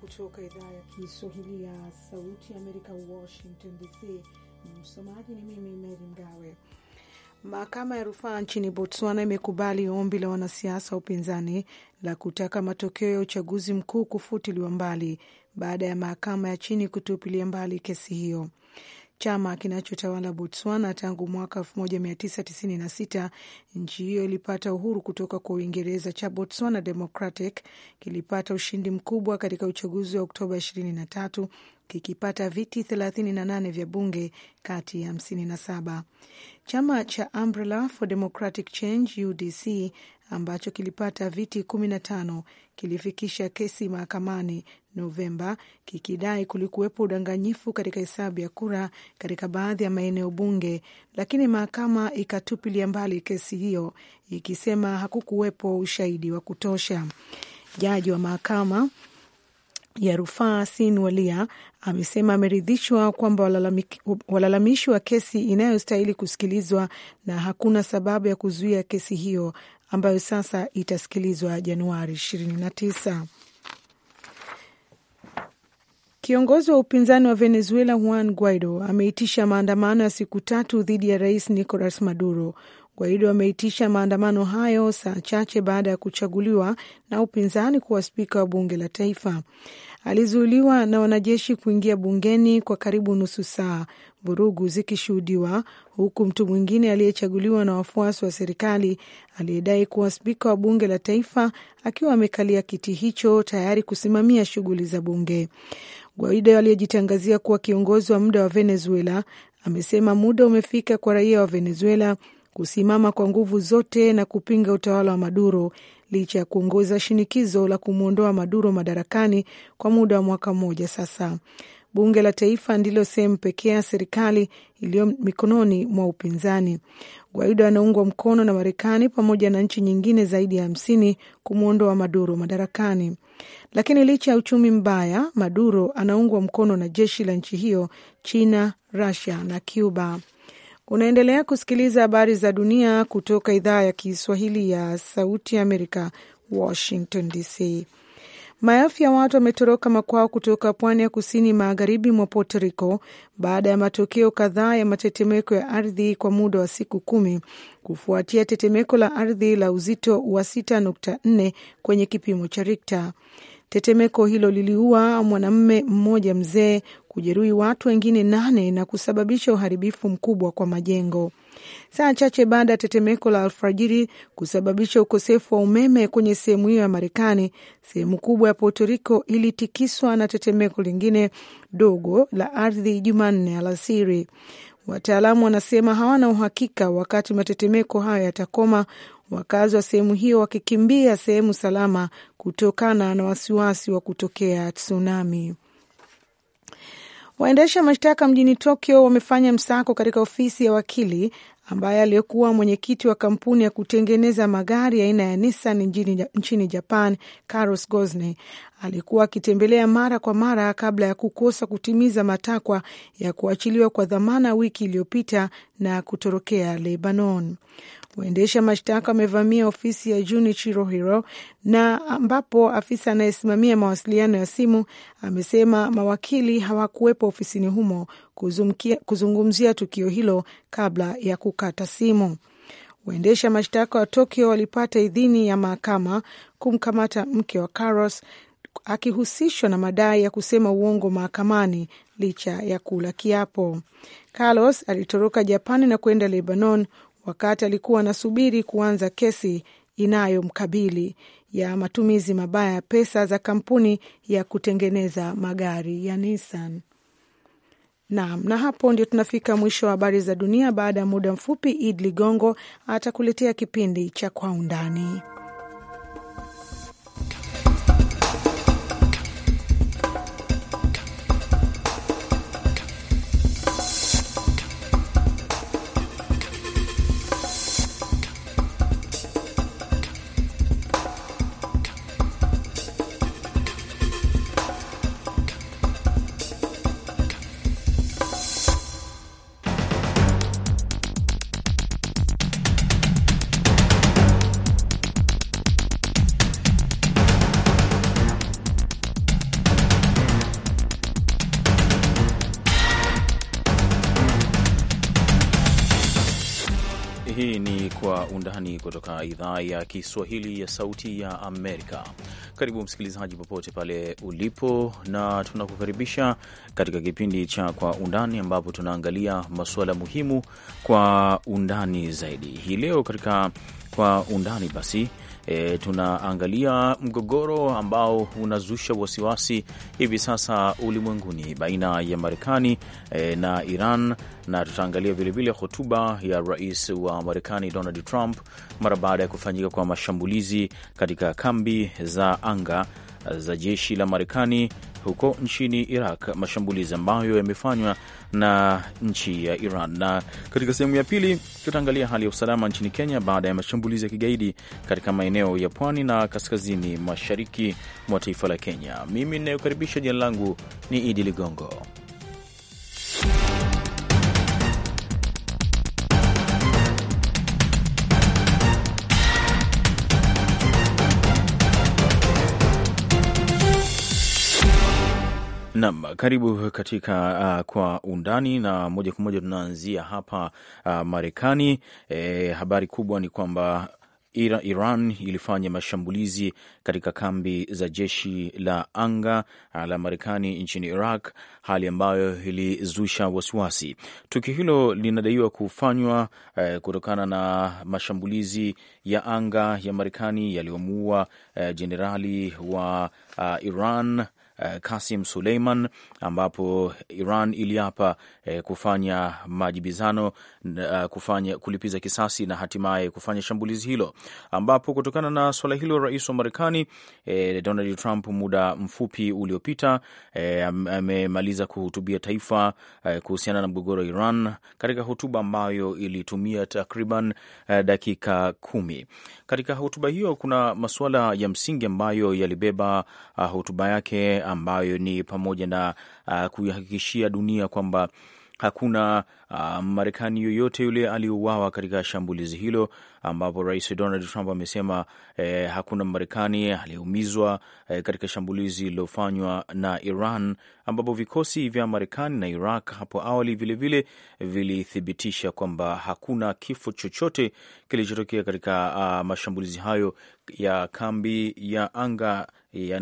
kutoka idhaa ya Kiswahili ya Sauti ya Amerika, Washington DC. Msomaji ni mimi Meri Mgawe. Mahakama ya rufaa nchini Botswana imekubali ombi la wanasiasa wa upinzani la kutaka matokeo ya uchaguzi mkuu kufutiliwa mbali baada ya mahakama ya chini kutupilia mbali kesi hiyo chama kinachotawala Botswana tangu mwaka 1996. Nchi hiyo ilipata uhuru kutoka kwa Uingereza. Cha Botswana Democratic kilipata ushindi mkubwa katika uchaguzi wa Oktoba 23 kikipata viti 38 vya bunge kati ya 57. Chama cha Umbrella for Democratic Change UDC ambacho kilipata viti kumi na tano kilifikisha kesi mahakamani Novemba kikidai kulikuwepo udanganyifu katika hesabu ya kura katika baadhi ya maeneo bunge, lakini mahakama ikatupilia mbali kesi hiyo ikisema hakukuwepo ushahidi wa kutosha. Jaji wa mahakama ya rufaa Sin Walia amesema ameridhishwa kwamba walalamishi wa kesi inayostahili kusikilizwa na hakuna sababu ya kuzuia kesi hiyo ambayo sasa itasikilizwa Januari 29. Kiongozi wa upinzani wa Venezuela Juan Guaido ameitisha maandamano ya siku tatu dhidi ya rais Nicolas Maduro. Guaido ameitisha maandamano hayo saa chache baada ya kuchaguliwa na upinzani kuwa spika wa bunge la taifa alizuiliwa na wanajeshi kuingia bungeni kwa karibu nusu saa, vurugu zikishuhudiwa, huku mtu mwingine aliyechaguliwa na wafuasi wa serikali aliyedai kuwa spika wa bunge la taifa akiwa amekalia kiti hicho tayari kusimamia shughuli za bunge. Guaido aliyejitangazia kuwa kiongozi wa muda wa Venezuela amesema muda umefika kwa raia wa Venezuela kusimama kwa nguvu zote na kupinga utawala wa Maduro licha ya kuongoza shinikizo la kumwondoa Maduro madarakani kwa muda wa mwaka mmoja sasa. Bunge la Taifa ndilo sehemu pekee ya serikali iliyo mikononi mwa upinzani. Guaido anaungwa mkono na Marekani pamoja na nchi nyingine zaidi ya hamsini kumwondoa Maduro madarakani. Lakini licha ya uchumi mbaya, Maduro anaungwa mkono na jeshi la nchi hiyo, China, Rusia na Cuba. Unaendelea kusikiliza habari za dunia kutoka idhaa ya Kiswahili ya Sauti Amerika, Washington DC. Maelfu ya watu wametoroka makwao kutoka pwani ya kusini magharibi mwa Puerto Rico baada ya matokeo kadhaa ya matetemeko ya ardhi kwa muda wa siku kumi kufuatia tetemeko la ardhi la uzito wa 6.4 kwenye kipimo cha Rikta. Tetemeko hilo liliua mwanamume mmoja mzee kujeruhi watu wengine nane na kusababisha uharibifu mkubwa kwa majengo. Saa chache baada ya tetemeko la alfajiri kusababisha ukosefu wa umeme kwenye sehemu hiyo ya Marekani, sehemu kubwa ya Puerto Rico ilitikiswa na tetemeko lingine dogo la ardhi Jumanne alasiri. Wataalamu wanasema hawana uhakika wakati matetemeko hayo yatakoma, wakazi wa sehemu hiyo wakikimbia sehemu salama kutokana na wasiwasi wa kutokea tsunami. Waendesha mashtaka mjini Tokyo wamefanya msako katika ofisi ya wakili ambaye aliyekuwa mwenyekiti wa kampuni ya kutengeneza magari aina ya Nissan nchini Japan, Carlos Gosne alikuwa akitembelea mara kwa mara kabla ya kukosa kutimiza matakwa ya kuachiliwa kwa dhamana wiki iliyopita na kutorokea Lebanon. Waendesha mashtaka wamevamia ofisi ya junichiro hiro na ambapo afisa anayesimamia mawasiliano ya simu amesema mawakili hawakuwepo ofisini humo kuzumkia, kuzungumzia tukio hilo kabla ya kukata simu. Waendesha mashtaka wa Tokyo walipata idhini ya mahakama kumkamata mke wa Carlos akihusishwa na madai ya kusema uongo mahakamani licha ya kula kiapo. Carlos alitoroka Japani na kwenda Lebanon wakati alikuwa anasubiri kuanza kesi inayomkabili ya matumizi mabaya ya pesa za kampuni ya kutengeneza magari ya Nissan. Naam, na hapo ndio tunafika mwisho wa habari za dunia. Baada ya muda mfupi, Id Ligongo atakuletea kipindi cha Kwa Undani. Undani kutoka idhaa ya Kiswahili ya Sauti ya Amerika. Karibu msikilizaji, popote pale ulipo, na tunakukaribisha katika kipindi cha Kwa Undani, ambapo tunaangalia masuala muhimu kwa undani zaidi. Hii leo katika Kwa Undani basi e, tunaangalia mgogoro ambao unazusha wasiwasi hivi sasa ulimwenguni baina ya Marekani e, na Iran, na tutaangalia vilevile hotuba ya rais wa Marekani Donald Trump mara baada ya kufanyika kwa mashambulizi katika kambi za anga za jeshi la Marekani huko nchini Iraq, mashambulizi ambayo yamefanywa na nchi ya Iran. Na katika sehemu ya pili tutaangalia hali ya usalama nchini Kenya baada ya mashambulizi ya kigaidi katika maeneo ya pwani na kaskazini mashariki mwa taifa la Kenya. Mimi ninayokaribisha, jina langu ni Idi Ligongo. Naam, karibu katika uh, kwa undani na moja kwa moja tunaanzia hapa uh, Marekani. E, habari kubwa ni kwamba Iran ilifanya mashambulizi katika kambi za jeshi la anga uh, la Marekani nchini Iraq, hali ambayo ilizusha wasiwasi. Tukio hilo linadaiwa kufanywa eh, kutokana na mashambulizi ya anga ya Marekani yaliyomuua uh, jenerali eh, wa uh, Iran Eh, Kasim Suleiman, ambapo Iran iliapa uh, kufanya majibizano uh, kufanya kulipiza kisasi na hatimaye kufanya shambulizi hilo, ambapo kutokana na swala hilo rais wa Marekani uh, Donald Trump muda mfupi uliopita amemaliza kuhutubia taifa kuhusiana na mgogoro wa Iran katika hotuba ambayo ilitumia takriban dakika kumi. Katika hotuba hiyo kuna masuala ya msingi ambayo yalibeba ah, hotuba yake ambayo ni pamoja na uh, kuihakikishia dunia kwamba hakuna uh, Marekani yoyote yule aliyouawa katika shambulizi hilo, ambapo Rais Donald Trump amesema eh, hakuna Marekani aliyeumizwa eh, katika shambulizi lililofanywa na Iran, ambapo vikosi vya Marekani na Iraq hapo awali vilevile vilithibitisha kwamba hakuna kifo chochote kilichotokea katika uh, mashambulizi hayo ya kambi ya anga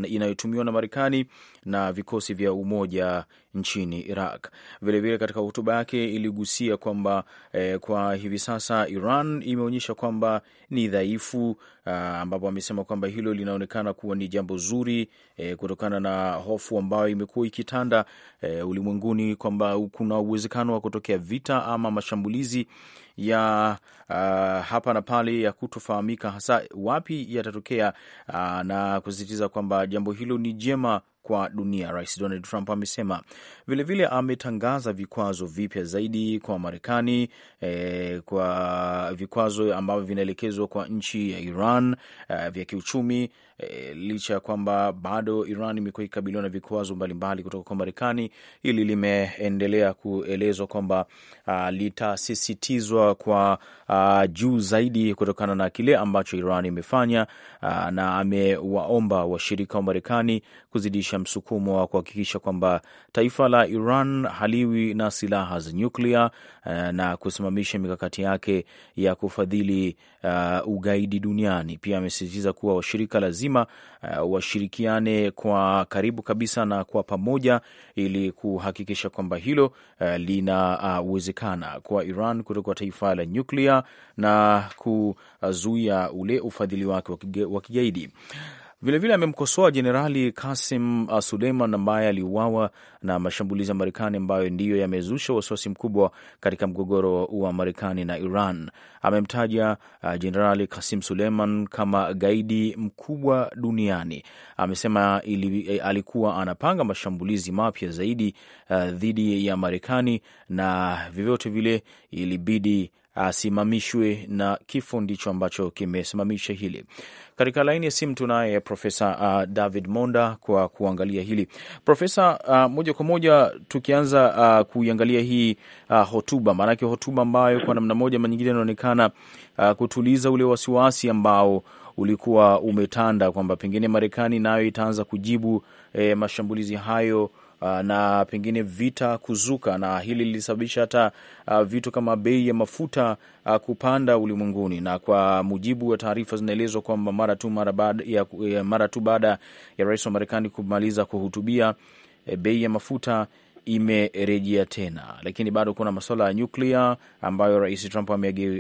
inayotumiwa na Marekani na vikosi vya umoja nchini Iraq. Vilevile katika hotuba yake iligusia kwamba eh, kwa hivi sasa Iran imeonyesha kwamba ni dhaifu Ah, ambapo amesema kwamba hilo linaonekana kuwa ni jambo zuri e, kutokana na hofu ambayo imekuwa ikitanda e, ulimwenguni kwamba kuna uwezekano wa kutokea vita ama mashambulizi ya uh, hapa na pale ya kutofahamika hasa wapi yatatokea, uh, na kusisitiza kwamba jambo hilo ni jema kwa dunia, Rais Donald Trump amesema. Vilevile ametangaza vikwazo vipya zaidi kwa Marekani e, kwa vikwazo ambavyo vinaelekezwa kwa nchi ya Iran e, vya kiuchumi e, licha ya kwamba bado Iran imekuwa ikikabiliwa na vikwazo mbalimbali kutoka kwa Marekani. Hili limeendelea kuelezwa kwamba ah, litasisitizwa kwa a, ah, juu zaidi kutokana na kile ambacho Iran imefanya Ah, na amewaomba washirika wa Marekani kuzidisha msukumo wa kuhakikisha kwamba taifa la Iran haliwi na silaha za nyuklia ah, na kusimamisha mikakati yake ya kufadhili uh, ugaidi duniani. Pia amesisitiza kuwa washirika lazima uh, washirikiane kwa karibu kabisa na kwa pamoja ili kuhakikisha kwamba hilo uh, linawezekana uh, kwa Iran kutoka taifa la nyuklia na kuzuia ule ufadhili wake wa kigaidi. Vilevile amemkosoa Jenerali Kasim Suleiman ambaye aliuawa na mashambulizi ya Marekani ambayo ndiyo yamezusha wasiwasi mkubwa katika mgogoro wa Marekani na Iran. Amemtaja uh, Jenerali Kasim Suleiman kama gaidi mkubwa duniani. Amesema ili, e, alikuwa anapanga mashambulizi mapya zaidi uh, dhidi ya Marekani na vyovyote vile ilibidi asimamishwe, na kifo ndicho ambacho kimesimamisha hili. Katika laini ya simu tunaye Profesa uh, David Monda kwa kuangalia hili. Profesa, uh, moja kwa moja tukianza uh, kuiangalia hii hotuba, maanake hotuba ambayo kwa namna moja manyingine inaonekana inaonekana kutuliza ule wasiwasi ambao ulikuwa umetanda kwamba pengine Marekani nayo itaanza kujibu eh, mashambulizi hayo Ah, na pengine vita kuzuka, na hili lilisababisha hata ah, vitu kama bei ya mafuta ah, kupanda ulimwenguni. Na kwa mujibu wa taarifa zinaelezwa kwamba mara tu mara baada ya, ya, mara tu baada ya rais wa Marekani kumaliza kuhutubia eh, bei ya mafuta imerejea tena, lakini bado kuna masuala ya nyuklia ambayo Rais Trump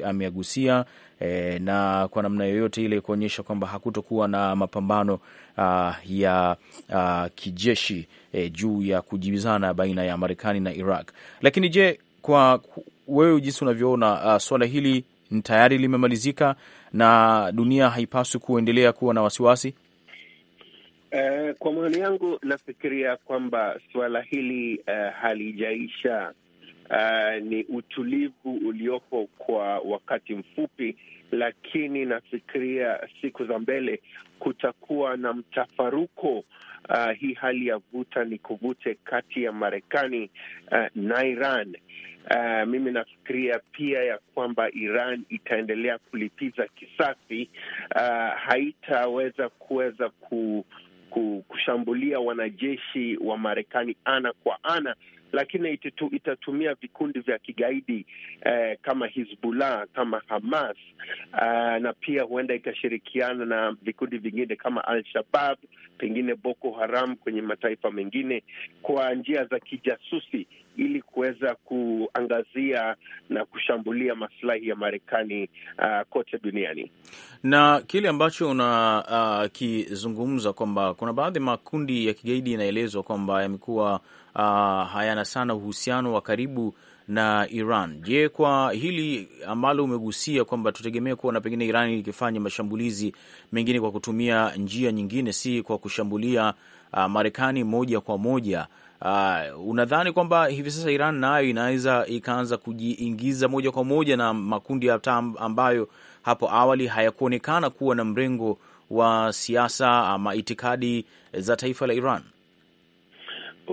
ameagusia e, na kwa namna yoyote ile kuonyesha kwamba hakutokuwa na mapambano a, ah, ya a, ah, kijeshi e, juu ya kujibizana baina ya Marekani na Iraq. Lakini je, kwa wewe jinsi unavyoona ah, suala hili tayari limemalizika na dunia haipaswi kuendelea kuwa na wasiwasi? Eh, kwa maoni yangu nafikiria kwamba suala hili eh, halijaisha. Uh, ni utulivu uliopo kwa wakati mfupi, lakini nafikiria siku za mbele kutakuwa na mtafaruko. Uh, hii hali ya vuta ni kuvute kati ya Marekani uh, na Iran. Uh, mimi nafikiria pia ya kwamba Iran itaendelea kulipiza kisasi. Uh, haitaweza kuweza ku kushambulia wanajeshi wa Marekani ana kwa ana, lakini ititu, itatumia vikundi vya kigaidi eh, kama Hizbullah kama Hamas eh, na pia huenda ikashirikiana na vikundi vingine kama Al-Shabab pengine Boko Haram kwenye mataifa mengine kwa njia za kijasusi ili kuweza kuangazia na kushambulia masilahi ya Marekani uh, kote duniani. Na kile ambacho unakizungumza uh, kwamba kuna baadhi ya makundi ya kigaidi yanaelezwa kwamba yamekuwa uh, hayana sana uhusiano wa karibu na Iran. Je, kwa hili ambalo umegusia kwamba tutegemee kuona pengine Iran ikifanya mashambulizi mengine kwa kutumia njia nyingine, si kwa kushambulia uh, Marekani moja kwa moja Uh, unadhani kwamba hivi sasa Iran nayo inaweza ikaanza kujiingiza moja kwa moja na makundi hata ambayo hapo awali hayakuonekana kuwa na mrengo wa siasa ama itikadi za taifa la Iran?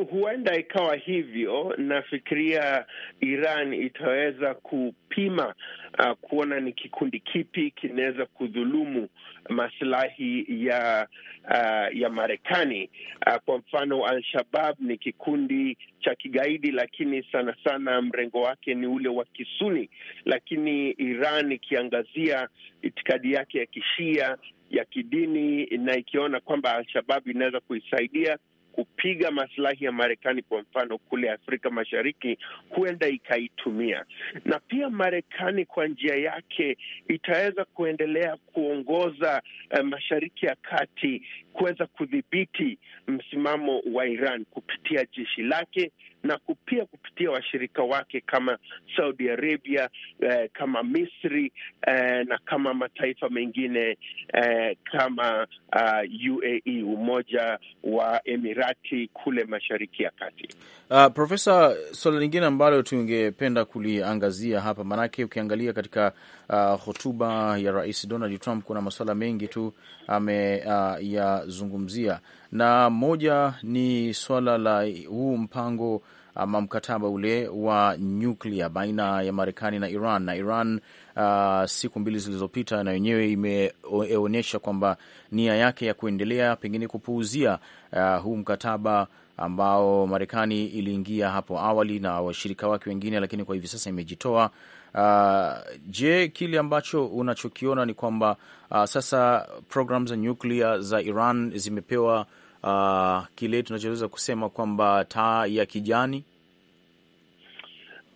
huenda ikawa hivyo. Nafikiria Iran itaweza kupima uh, kuona ni kikundi kipi kinaweza kudhulumu masilahi ya uh, ya Marekani. Uh, kwa mfano Al-Shabab ni kikundi cha kigaidi, lakini sana sana mrengo wake ni ule wa Kisuni, lakini Iran ikiangazia itikadi yake ya Kishia ya kidini na ikiona kwamba Al-Shabab inaweza kuisaidia kupiga masilahi ya Marekani, kwa mfano kule Afrika Mashariki, huenda ikaitumia. Na pia Marekani kwa njia yake itaweza kuendelea kuongoza uh, Mashariki ya Kati kuweza kudhibiti msimamo wa Iran kupitia jeshi lake na kupia kupitia washirika wake kama Saudi Arabia eh, kama Misri eh, na kama mataifa mengine eh, kama uh, ah, UAE, Umoja wa Emirati kule Mashariki ya Kati. Uh, Profesa, suala lingine ambalo tungependa kuliangazia hapa, maanake ukiangalia katika uh, hotuba ya Rais Donald Trump kuna masuala mengi tu ameyazungumzia uh, na moja ni swala la huu mpango ama mkataba ule wa nyuklia baina ya Marekani na Iran na Iran uh, siku mbili zilizopita na wenyewe imeonyesha kwamba nia yake ya kuendelea pengine kupuuzia uh, huu mkataba ambao Marekani iliingia hapo awali na washirika wake wengine, lakini kwa hivi sasa imejitoa. Uh, je, kile ambacho unachokiona ni kwamba uh, sasa programu za nyuklia za Iran zimepewa uh, kile tunachoweza kusema kwamba taa ya kijani?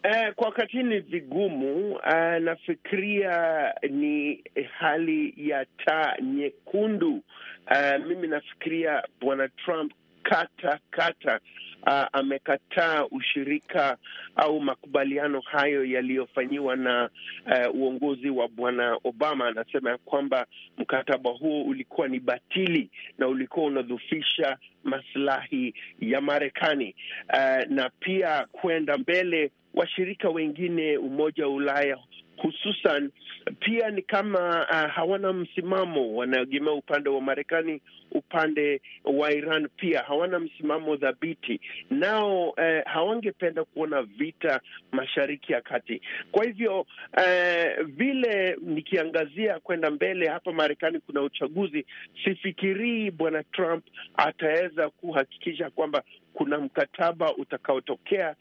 Eh, kwa wakati ni vigumu. Uh, nafikiria ni hali ya taa nyekundu. Uh, mimi nafikiria bwana Trump kata kata uh, amekataa ushirika au makubaliano hayo yaliyofanyiwa na uh, uongozi wa bwana Obama. Anasema ya kwamba mkataba huo ulikuwa ni batili na ulikuwa unadhufisha maslahi ya Marekani uh, na pia kwenda mbele washirika wengine Umoja wa Ulaya hususan pia ni kama uh, hawana msimamo, wanaegemea upande wa Marekani, upande wa Iran pia hawana msimamo thabiti nao, uh, hawangependa kuona vita mashariki ya kati. Kwa hivyo uh, vile nikiangazia kwenda mbele hapa Marekani kuna uchaguzi, sifikirii bwana Trump ataweza kuhakikisha kwamba kuna mkataba utakaotokea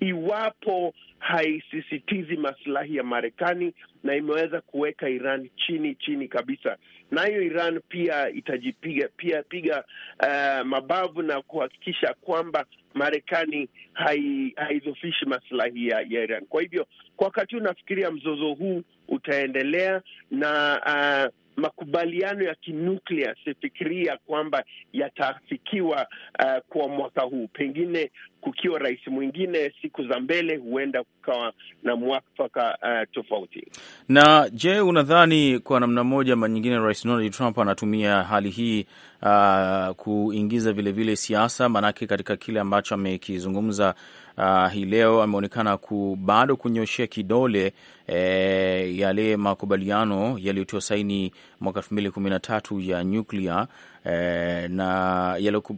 iwapo haisisitizi masilahi ya Marekani na imeweza kuweka Iran chini chini kabisa. Nayo Iran pia itajipiga pia piga uh, mabavu na kuhakikisha kwamba Marekani haidhofishi hai masilahi ya, ya Iran. Kwa hivyo kwa wakati unafikiria mzozo huu utaendelea na uh, makubaliano ya kinuklia sifikiria kwamba yatafikiwa uh, kwa mwaka huu. Pengine kukiwa rais mwingine siku za mbele, huenda kukawa na mwafaka uh, tofauti. Na je, unadhani kwa namna moja ama nyingine rais Donald Trump anatumia hali hii uh, kuingiza vilevile siasa? Maanake katika kile ambacho amekizungumza Uh, hii leo ameonekana bado kunyoshea kidole eh, yale makubaliano yaliyotiwa saini mwaka elfu mbili kumi na tatu ya nyuklia Eh, na, yaloku,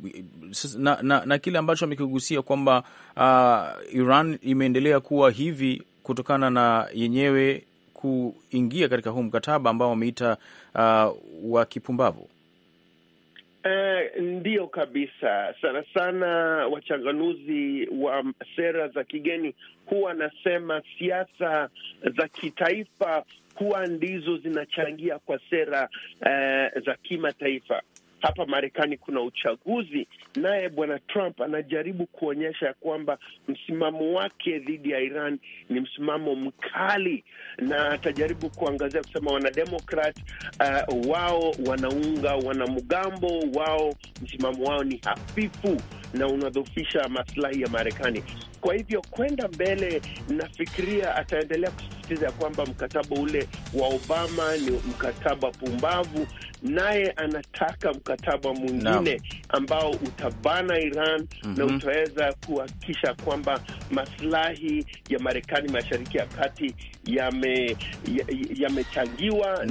na, na, na kile ambacho amekigusia kwamba uh, Iran imeendelea kuwa hivi kutokana na yenyewe kuingia katika huu mkataba ambao wameita uh, wa kipumbavu. Uh, eh, ndiyo kabisa. Sana sana wachanganuzi wa sera za kigeni huwa anasema siasa za kitaifa huwa ndizo zinachangia kwa sera uh, za kimataifa hapa Marekani kuna uchaguzi, naye bwana Trump anajaribu kuonyesha ya kwamba msimamo wake dhidi ya Iran ni msimamo mkali, na atajaribu kuangazia kusema wanademokrat uh, wao wanaunga wanamgambo wao, msimamo wao ni hafifu na unadhofisha maslahi ya Marekani. Kwa hivyo kwenda mbele, nafikiria ataendelea kus anasisitiza ya kwamba mkataba ule wa Obama ni mkataba pumbavu, naye anataka mkataba mwingine ambao utabana Iran mm -hmm. na mhm. utaweza kuhakikisha kwamba maslahi ya Marekani mashariki ya kati yamechangiwa yame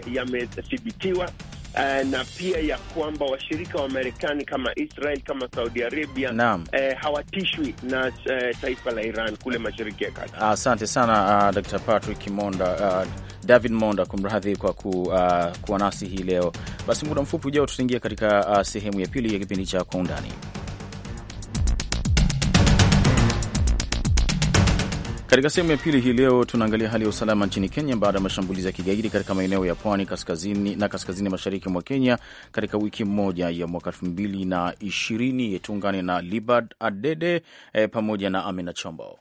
na yamethibitiwa ya Uh, na pia ya kwamba washirika wa Marekani kama Israel kama Saudi Arabia uh, hawatishwi na uh, taifa la Iran kule Mashariki ya Kati. Asante ah, sana uh, Dr. Patrick Monda uh, David Monda, kumradhi kwa ku, uh, kuwa nasi hii leo. Basi muda mfupi ujao tutaingia katika uh, sehemu ya pili ya kipindi cha Kwa Undani. Katika sehemu ya pili hii leo tunaangalia hali ya usalama nchini Kenya baada ya mashambulizi ya kigaidi katika maeneo ya pwani kaskazini na kaskazini mashariki mwa Kenya katika wiki moja ya mwaka elfu mbili na ishirini. Tuungane na Libard Adede e, pamoja na Amina Chombo.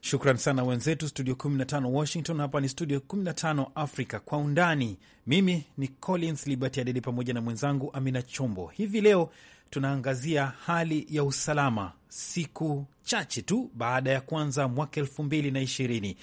Shukran sana wenzetu studio 15 Washington. Hapa ni studio 15 Africa kwa undani. Mimi ni Collins libert Adede pamoja na mwenzangu Amina Chombo. Hivi leo tunaangazia hali ya usalama siku chache tu baada ya kuanza mwaka elfu mbili na ishirini.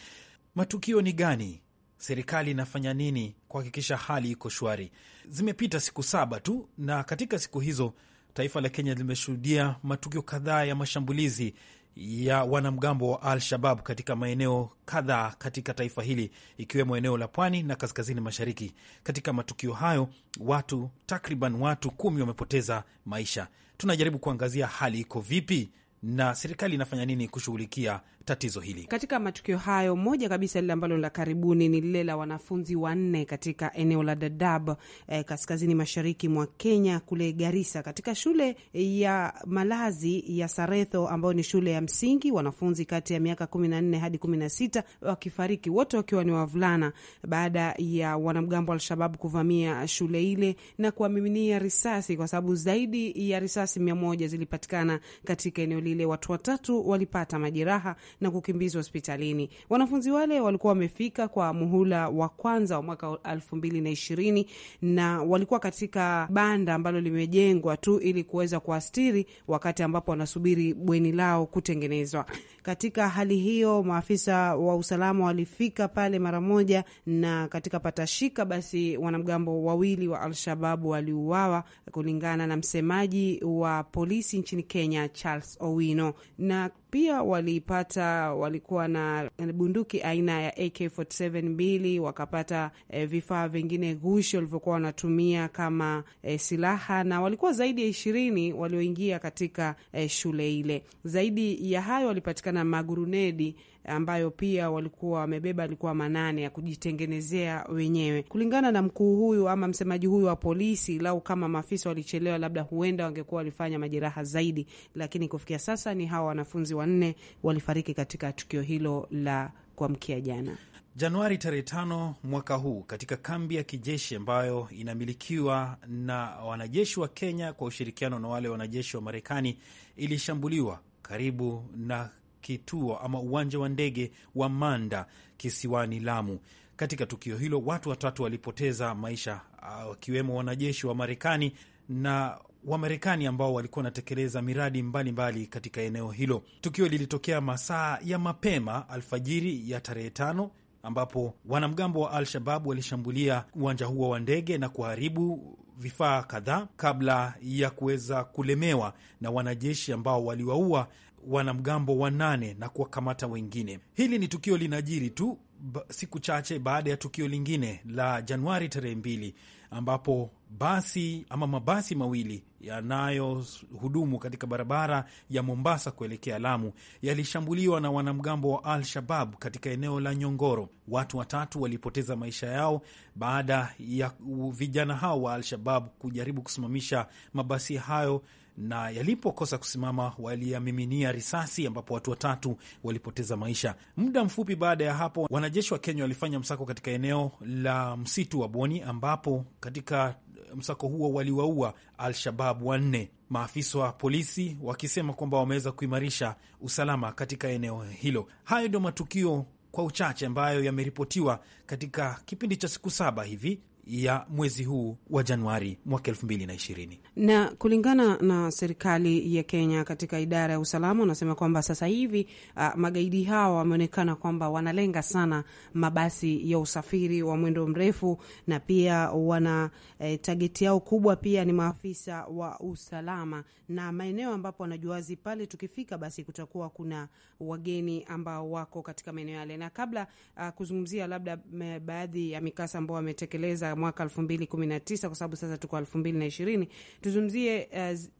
Matukio ni gani? Serikali inafanya nini kuhakikisha hali iko shwari? Zimepita siku saba tu, na katika siku hizo taifa la Kenya limeshuhudia matukio kadhaa ya mashambulizi ya wanamgambo wa Al-Shabab katika maeneo kadhaa katika taifa hili ikiwemo eneo la pwani na kaskazini mashariki. Katika matukio hayo, watu takriban watu kumi wamepoteza maisha. Tunajaribu kuangazia hali iko vipi na serikali inafanya nini kushughulikia tatizo hili. Katika matukio hayo, moja kabisa lile ambalo la karibuni ni lile la wanafunzi wanne katika eneo la Dadab eh, kaskazini mashariki mwa Kenya kule Garissa, katika shule ya malazi ya Saretho ambayo ni shule ya msingi, wanafunzi kati ya miaka kumi na nne hadi kumi na sita wakifariki wote wakiwa ni wavulana, baada ya wanamgambo wa Alshabab kuvamia shule ile na kuwamiminia risasi, kwa sababu zaidi ya risasi mia moja zilipatikana katika eneo lile. Watu watatu walipata majeraha na kukimbizwa hospitalini. Wanafunzi wale walikuwa wamefika kwa muhula wa kwanza wa mwaka elfu mbili na ishirini na walikuwa katika banda ambalo limejengwa tu ili kuweza kuastiri wakati ambapo wanasubiri bweni lao kutengenezwa. Katika hali hiyo, maafisa wa usalama walifika pale mara moja, na katika patashika basi wanamgambo wawili wa Alshababu waliuawa, kulingana na msemaji wa polisi nchini Kenya Charles Owino na pia walipata, walikuwa na bunduki aina ya AK47 mbili, wakapata e, vifaa vingine gushi walivyokuwa wanatumia kama e, silaha, na walikuwa zaidi ya ishirini walioingia katika e, shule ile. Zaidi ya hayo walipatikana magurunedi ambayo pia walikuwa wamebeba alikuwa manane ya kujitengenezea wenyewe, kulingana na mkuu huyu ama msemaji huyu wa polisi. Lau kama maafisa walichelewa, labda huenda wangekuwa walifanya majeraha zaidi, lakini kufikia sasa ni hawa wanafunzi wanne walifariki katika tukio hilo la kuamkia jana Januari tarehe tano mwaka huu katika kambi ya kijeshi ambayo inamilikiwa na wanajeshi wa Kenya kwa ushirikiano na wale wanajeshi wa Marekani ilishambuliwa karibu na kituo ama uwanja wa ndege wa Manda kisiwani Lamu. Katika tukio hilo watu watatu walipoteza maisha, uh, wakiwemo wanajeshi wa Marekani na Wamarekani ambao walikuwa wanatekeleza miradi mbalimbali mbali katika eneo hilo. Tukio lilitokea masaa ya mapema alfajiri ya tarehe tano ambapo wanamgambo wa Al-Shabab walishambulia uwanja huo wa ndege na kuharibu vifaa kadhaa kabla ya kuweza kulemewa na wanajeshi ambao waliwaua wanamgambo wanane na kuwakamata wengine. Hili ni tukio linajiri tu siku chache baada ya tukio lingine la Januari tarehe mbili ambapo basi ama mabasi mawili yanayohudumu katika barabara ya Mombasa kuelekea Lamu yalishambuliwa na wanamgambo wa Al Shabab katika eneo la Nyongoro. Watu watatu walipoteza maisha yao baada ya vijana hao wa Al Shabab kujaribu kusimamisha mabasi hayo na yalipokosa kusimama waliyamiminia risasi, ambapo watu watatu walipoteza maisha. Muda mfupi baada ya hapo, wanajeshi wa Kenya walifanya msako katika eneo la msitu wa Boni, ambapo katika msako huo waliwaua al wanne, maafisa wa polisi wakisema kwamba wameweza kuimarisha usalama katika eneo hilo. Hayo ndio matukio kwa uchache ambayo yameripotiwa katika kipindi cha siku saba hivi ya mwezi huu wa Januari mwaka elfu mbili na ishirini. Na kulingana na serikali ya Kenya katika idara ya usalama wanasema kwamba sasa hivi uh, magaidi hawa wameonekana kwamba wanalenga sana mabasi ya usafiri wa mwendo mrefu, na pia wana eh, tageti yao kubwa pia ni maafisa wa usalama na maeneo ambapo wanajuazi pale. Tukifika basi kutakuwa kuna wageni ambao wako katika maeneo yale, na kabla uh, kuzungumzia labda baadhi ya mikasa ambao wametekeleza mwaka 2019 kwa sababu sasa tuko 2020, tuzungumzie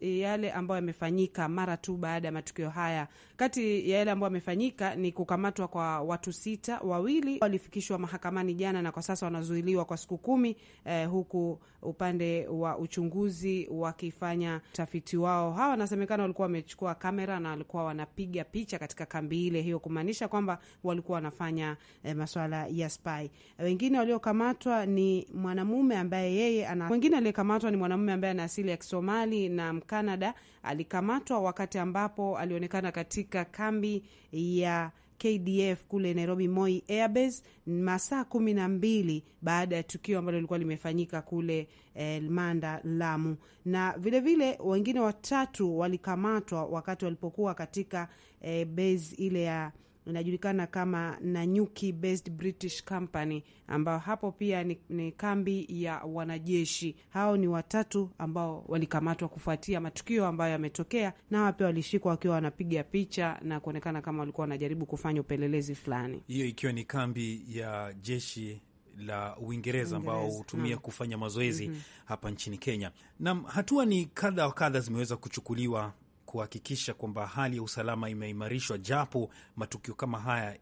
uh, yale ambayo yamefanyika mara tu baada ya matukio haya kati ya yale ambayo amefanyika ni kukamatwa kwa watu sita, wawili walifikishwa mahakamani jana na kwa sasa wanazuiliwa kwa siku kumi eh, huku upande wa uchunguzi wakifanya utafiti wao. Hawa wanasemekana walikuwa wamechukua kamera na walikuwa wanapiga picha katika kambi ile hiyo, kumaanisha kwamba walikuwa wanafanya eh, maswala ya spy. Wengine waliokamatwa ni mwanamume ambaye yeye ana wengine aliyekamatwa ni mwanamume ambaye ana asili ya Kisomali na Mkanada. Alikamatwa wakati ambapo alionekana katika katika kambi ya KDF kule Nairobi Moi Airbase masaa kumi na mbili baada ya tukio ambalo lilikuwa limefanyika kule eh, manda Lamu, na vilevile vile, wengine watatu walikamatwa wakati walipokuwa katika e, base ile ya inajulikana kama Nanyuki Based British Company, ambao hapo pia ni, ni kambi ya wanajeshi. Hao ni watatu ambao walikamatwa kufuatia matukio ambayo yametokea, na hawa pia walishikwa wakiwa wanapiga picha na kuonekana kama walikuwa wanajaribu kufanya upelelezi fulani, hiyo ikiwa ni kambi ya jeshi la Uingereza ambao hutumia mm. kufanya mazoezi mm -hmm. hapa nchini Kenya. Naam, hatua ni kadha wa kadha zimeweza kuchukuliwa kuhakikisha kwamba hali ya usalama imeimarishwa, japo matukio kama haya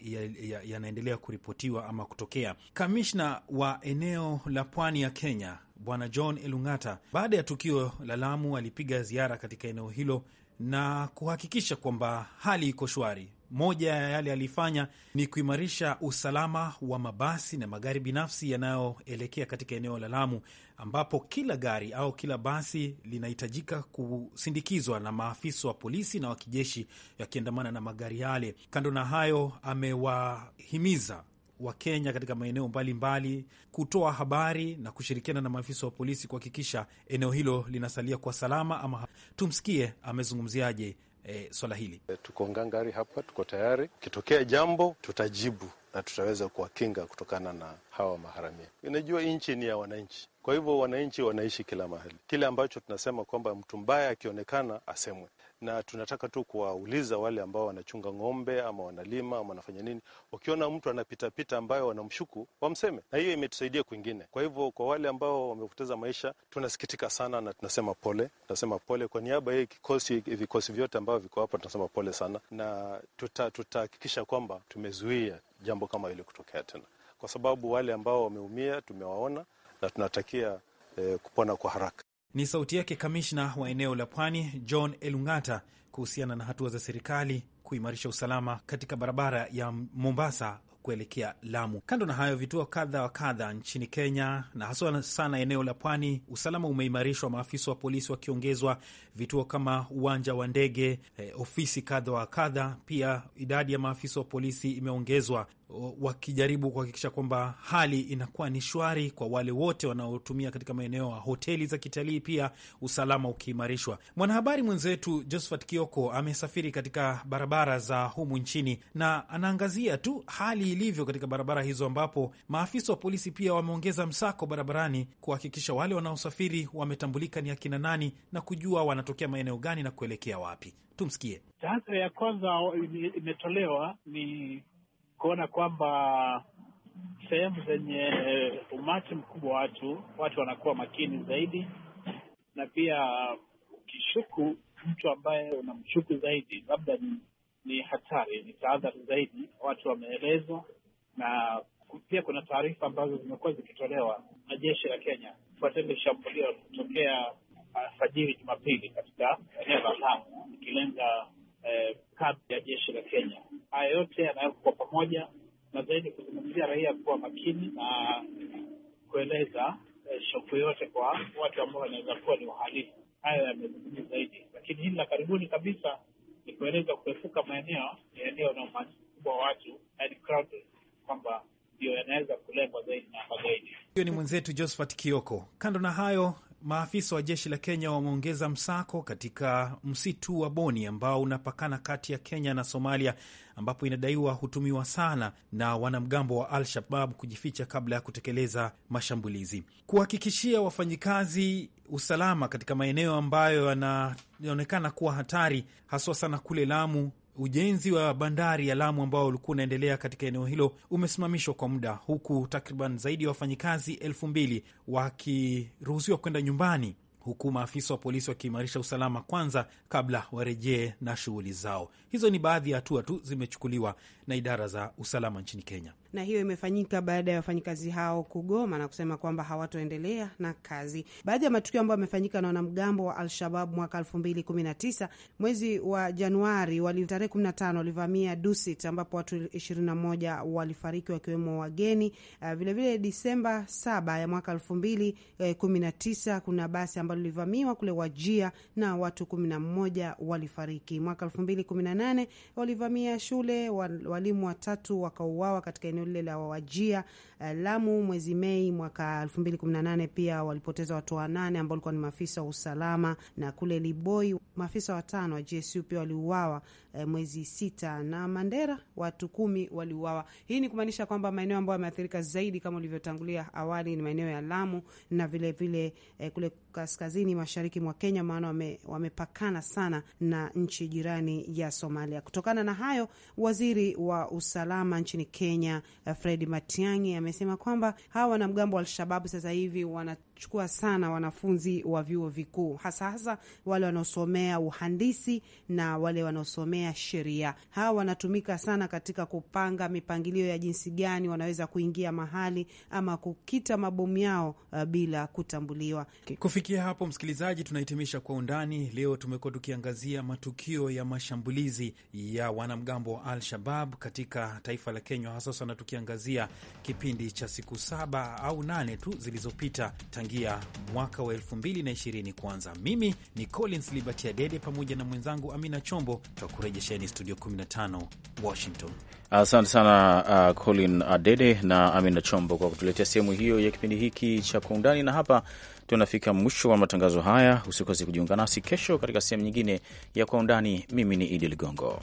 yanaendelea ya, ya kuripotiwa ama kutokea. Kamishna wa eneo la pwani ya Kenya Bwana John Elung'ata, baada ya tukio la Lamu, alipiga ziara katika eneo hilo na kuhakikisha kwamba hali iko shwari moja ya yale alifanya ni kuimarisha usalama wa mabasi na magari binafsi yanayoelekea katika eneo la Lamu, ambapo kila gari au kila basi linahitajika kusindikizwa na maafisa wa polisi na wa kijeshi yakiandamana na magari yale. Kando na hayo, amewahimiza Wakenya katika maeneo mbalimbali kutoa habari na kushirikiana na maafisa wa polisi kuhakikisha eneo hilo linasalia kwa salama. Ama tumsikie amezungumziaje eh, swala hili. Eh, tuko ngangari hapa, tuko tayari. kitokea jambo tutajibu na tutaweza kuwakinga kutokana na hawa maharamia. Inajua nchi ni ya wananchi, kwa hivyo wananchi wanaishi kila mahali. Kile ambacho tunasema kwamba mtu mbaya akionekana asemwe na tunataka tu kuwauliza wale ambao wanachunga ng'ombe ama wanalima ama wanafanya nini, wakiona mtu anapitapita ambayo wanamshuku wamseme, na hiyo imetusaidia kwingine. Kwa hivyo kwa wale ambao wamepoteza maisha tunasikitika sana na tunasema pole, tunasema pole kwa niaba ya kikosi, vikosi vyote ambavyo viko hapa, tunasema pole sana, na tutahakikisha tuta kwamba tumezuia jambo kama hili kutokea tena, kwa sababu wale ambao wameumia tumewaona na tunatakia eh, kupona kwa haraka. Ni sauti yake kamishna wa eneo la Pwani John Elung'ata kuhusiana na hatua za serikali kuimarisha usalama katika barabara ya Mombasa kuelekea Lamu. Kando na hayo, vituo kadha wa kadha nchini Kenya na haswa sana eneo la pwani, usalama umeimarishwa, maafisa wa polisi wakiongezwa vituo kama uwanja wa ndege, eh, ofisi kadha wa kadha. Pia idadi ya maafisa wa polisi imeongezwa wakijaribu kuhakikisha kwamba hali inakuwa ni shwari kwa wale wote wanaotumia katika maeneo ya hoteli za kitalii, pia usalama ukiimarishwa. Mwanahabari mwenzetu Josephat Kioko amesafiri katika barabara za humu nchini na anaangazia tu hali ilivyo katika barabara hizo, ambapo maafisa wa polisi pia wameongeza msako barabarani kuhakikisha wale wanaosafiri wametambulika ni akina nani na kujua wanatokea maeneo gani na kuelekea wapi. Tumsikie. Taarifa ya kwanza imetolewa ni kuona kwamba sehemu zenye eh, umati mkubwa watu, watu wanakuwa makini zaidi, na pia ukishuku mtu ambaye unamshuku zaidi, labda ni, ni hatari, ni tahadhari zaidi, watu wameelezwa na pia kuna taarifa ambazo zimekuwa zikitolewa na jeshi la Kenya kufuatia shambulio kutokea ah, alfajiri Jumapili katika eneo la Lamu ikilenga eh, kambi ya jeshi la Kenya haya yote yanawekwa kwa pamoja, na zaidi kuzungumzia raia kuwa makini na kueleza eh, shauku yote kwa watu ambao wanaweza kuwa ni wahalifu. Hayo yamezungumzia zaidi, lakini hili la karibuni kabisa ni kueleza kuepuka maeneo ni eneo na umati mkubwa wa watu, yani crowd, kwamba ndio yanaweza kulengwa zaidi na magaidi. Huyo ni mwenzetu Josephat Kioko. Kando na hayo Maafisa wa jeshi la Kenya wameongeza msako katika msitu wa Boni ambao unapakana kati ya Kenya na Somalia, ambapo inadaiwa hutumiwa sana na wanamgambo wa Al-Shabab kujificha kabla ya kutekeleza mashambulizi, kuhakikishia wafanyikazi usalama katika maeneo ambayo yanaonekana kuwa hatari, haswa sana kule Lamu, Ujenzi wa bandari ya Lamu ambao ulikuwa unaendelea katika eneo hilo umesimamishwa kwa muda, huku takriban zaidi ya wafanyikazi elfu mbili wakiruhusiwa kwenda nyumbani, huku maafisa wa polisi wakiimarisha usalama kwanza kabla warejee na shughuli zao. Hizo ni baadhi ya hatua tu zimechukuliwa na idara za usalama nchini Kenya na hiyo imefanyika baada ya wafanyikazi hao kugoma na kusema kwamba hawatoendelea na kazi. Baadhi ya matukio ambayo yamefanyika na wanamgambo wa Al-Shabab mwaka 2019 mwezi wa Januari tarehe 15 walivamia Dusit ambapo watu 21 walifariki wakiwemo wageni. Vilevile uh, vile Disemba 7 ya mwaka 2019 eh, kuna basi ambalo lilivamiwa kule Wajia na watu 11 walifariki. Mwaka 2018 walivamia shule, walimu watatu wakauawa katika eneo lile la Wawajia Eh, Lamu mwezi Mei mwaka 2018 pia walipoteza watu wanane ambao walikuwa ni maafisa wa usalama, na kule Liboi maafisa watano wa GSU pia waliuawa eh, mwezi sita, na Mandera watu kumi waliuawa. Hii ni kumaanisha kwamba maeneo ambayo yameathirika zaidi kama ulivyotangulia awali ni maeneo ya Lamu na vilevile vile, eh, kule kaskazini mashariki mwa Kenya, maana wame, wamepakana sana na nchi jirani ya Somalia. Kutokana na hayo, waziri wa usalama nchini Kenya Fred Matiang'i amesema kwamba hawa wanamgambo wa Alshababu sasa hivi wana wanachukua sana wanafunzi wa vyuo vikuu, hasa hasa wale wanaosomea uhandisi na wale wanaosomea sheria. Hawa wanatumika sana katika kupanga mipangilio ya jinsi gani wanaweza kuingia mahali ama kukita mabomu yao uh, bila kutambuliwa. Kufikia hapo, msikilizaji, tunahitimisha Kwa Undani leo. Tumekuwa tukiangazia matukio ya mashambulizi ya wanamgambo wa Al-Shabab katika taifa la Kenya, hasa sana tukiangazia kipindi cha siku saba au nane tu zilizopita kuchangia mwaka wa 2020 kwanza. Mimi ni Collins Liberty Dede pamoja na mwenzangu Amina Chombo, twa kurejesheni studio 15 Washington. Asante sana uh, Colin Adede na Amina Chombo kwa kutuletea sehemu hiyo ya kipindi hiki cha Kwa Undani, na hapa tunafika mwisho wa matangazo haya. Usikose kujiunga nasi kesho katika sehemu nyingine ya Kwa Undani. Mimi ni Idi Ligongo.